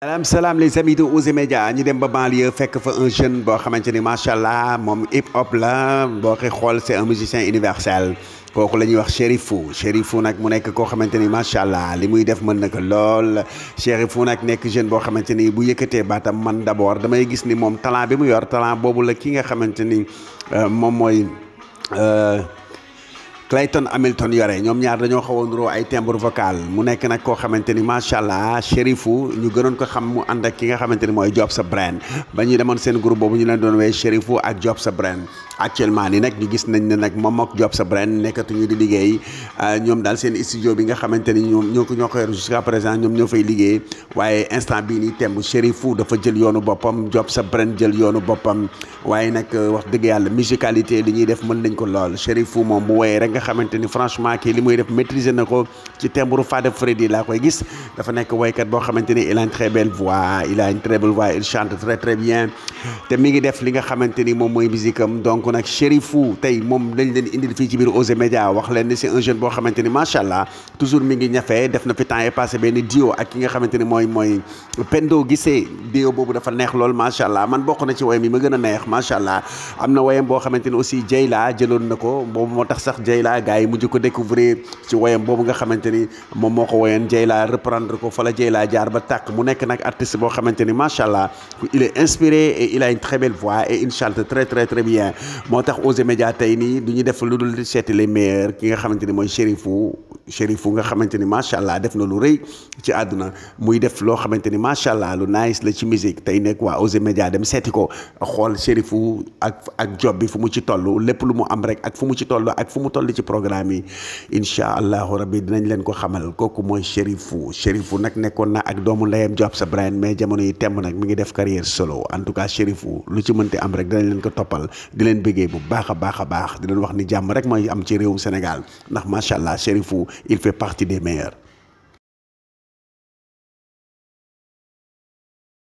salaam salaam les amis de Oser Média ñu dem ba banlieue fekk fa un jeune boo xamante ni macha allah moom hip hop la boo koy xool c'est un musicien universel kooku lañuy wax ñuy wax Chérifou Chérifou nag mu nekk koo xamante ni macha allah li muy def mën na ko lool Chérifou nag nekk jeune boo xamante ni bu yëkkatee baatam man d'abord damay gis ni moom talent bi mu yor talent boobu la ki nga xamante ni euh, moom mooy. Euh, Clayton Hamilton yore ñoom ñaar dañoo xaw a nuroo ay timbre vocal mu nekk nag koo xamante ni macha allah Chérifou ñu gënoon ko xam mu ànd ak ki nga xamante ni mooy Job sa Brain ba ñu demoon seen groupe boobu ñu leen doon wee Chérifou ak Job sa Brain actuellement ni nag ñu gis nañ ne nag moom ak Job sa brain nekkatuñu di liggéey euh, ñoom daal seen studio bi nga xamante ni ñoom ñoo ko ñoo ko yor jusqu'à présent ñoom ñoo fay liggéey waaye instant bii nii temb Cherifou dafa jël yoonu boppam Job sa brain jël yoonu boppam waaye nag euh, wax dëgg yàlla musicalité li ñuy def mën nañ ko lool Cherifou moom bu woyee rek nga xamante ni franchement kii li muy def maîtriser na ko ci timbre Fada Freddy laa koy gis dafa woykat boo xamante ni il a une très belle voix il a une très belle voix te mi ngi def li nga xamante ni moom mooy musique donc kooku nag Chérifou tey moom lañ leen indil fi ci biir Oser media wax leen ni c'est un jeune bo xamanteni machallah toujours mi ngi ñafee def na fi temps passé benn dio ak ki nga xamanteni moy moy Pendo Guissé dio bobu dafa neex lol machallah man bokk na ci woyam yi ma gëna neex machallah amna wayam bo xamanteni aussi Jayla jëloon nako ko motax sax Jayla gaay mu jikko découvrir ci wayam bobu nga xamanteni mom moko moo Jayla reprendre ko fa la Jayla jaar ba tak mu nekk nak artiste bo xamanteni machallah il est inspiré et il a une très belle voix et il chante très très très bien moo tax Oser Média tey nii du ñu def lu dul seeti les meilleurs ki nga xamante ni mooy Chérifou Chérif fu nga xamante ni macha allah def na lu rëy ci àdduna muy def loo xamante ni macha allah lu nice la ci musique tey nekk waa Oser Média dem seeti ko xool Chérifu ak ak job bi fu mu ci toll lépp lu mu am rek ak fu mu ci toll ak fu mu toll ci programme yi incha allahu rabbi dinañ leen ko xamal kooku mooy Chérifu Chérifu nag nekkoon na ak doomu ndeyam Job sa Brian mais jamono yi temb nag mu ngi def carrière solo en tout cas Chérifu lu ci mënti am rek dinañ leen ko toppal di leen bëggee bu baax baax a baax di leen wax ni jàmm rek mooy am ci réewum Sénégal ndax macha il fait partie des meilleurs.